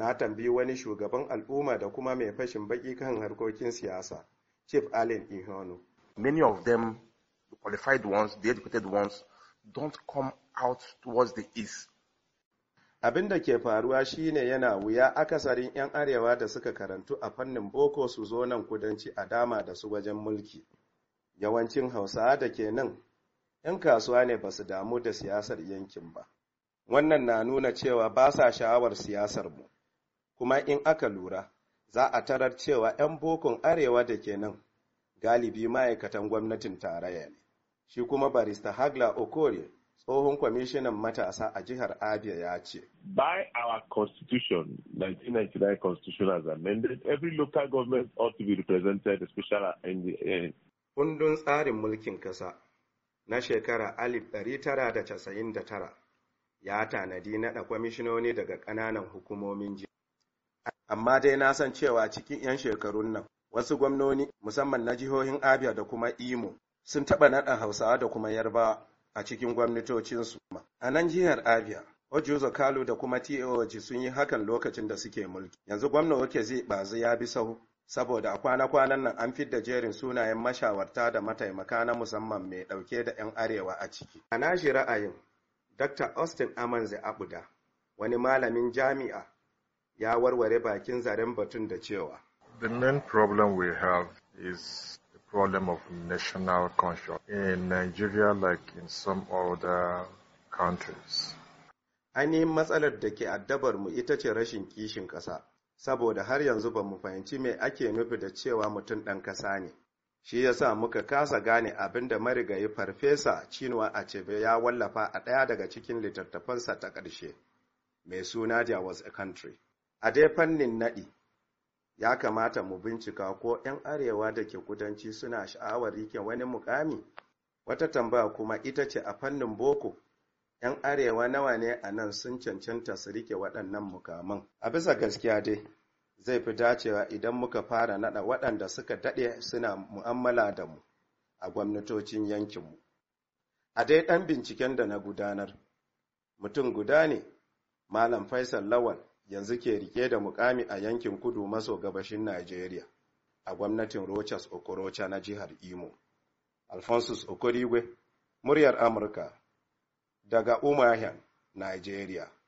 na tambayi wani shugaban al'umma da kuma mai fashin baki kan harkokin siyasa chief allen ihonu many of them the qualified ones the educated ones don't come out towards the east abin da ke faruwa shine yana wuya akasarin 'yan arewa da suka karantu a fannin boko su zo nan kudanci a dama da su wajen mulki yawancin hausa da ke nan 'yan kasuwa ne ba su damu da siyasar yankin ba wannan na nuna cewa ba sa sha'awar siyasar mu kuma in aka lura za a tarar cewa 'yan bokon arewa da ke nan galibi ma'aikatan gwamnatin tarayya ne shi kuma barista hagla okore tsohon kwamishinan matasa a jihar abia ya ce by our constitution 1999 constitution has amended every local government ought to be represented especially in the kundin tsarin mulkin kasa na shekara 1999 ya tanadi naɗa kwamishinoni daga ƙananan hukumomin amma dai na san cewa cikin 'yan shekarun nan wasu gwamnoni musamman na jihohin abia da kuma imo sun taɓa naɗa hausawa da kuma yarbawa a cikin gwamnatocinsu a nan jihar abia Ojuzo Kalu da kuma toj sun yi hakan lokacin da suke mulki. Yanzu gwamna wake zai bazu ya bi sahu saboda a kwana-kwanan nan an fidda jerin sunayen mashawarta da mataimaka na musamman mai ɗauke da 'yan arewa a ciki. A nashi ra'ayin, Dr. Austin Amanzi Abuda, wani malamin jami'a ya warware bakin zaren batun da cewa The main problem we have is the problem of national conscience in Nigeria like in some other countries. Ainihin matsalar da ke addabar mu ita ce rashin kishin ƙasa, saboda har yanzu ba mu fahimci me ake nufi da cewa mutum ɗan ƙasa ne. Shi yasa muka kasa gane abin da marigayi Farfesa Chinua Achebe ya wallafa a ɗaya daga cikin littattafansa ta ƙarshe, mai suna There was a country. a dai fannin naɗi ya kamata mu bincika ko 'yan arewa da ke kudanci suna sha'awar rike wani mukami wata tambaya kuma ita ce a fannin boko 'yan arewa nawa ne a nan sun cancanta su rike waɗannan mukaman a bisa gaskiya dai zai fi dacewa idan muka fara naɗa waɗanda suka daɗe suna mu'amala da mu a gwamnatocin yankinmu a dai ɗan binciken da na gudanar mutum guda ne malam faisal lawal yanzu ke rike da mukami a yankin kudu maso gabashin Najeriya a gwamnatin Rochas Okorocha na jihar Imo. Alphonsus Okorigwe, muryar Amurka, daga Umahian, Najeriya.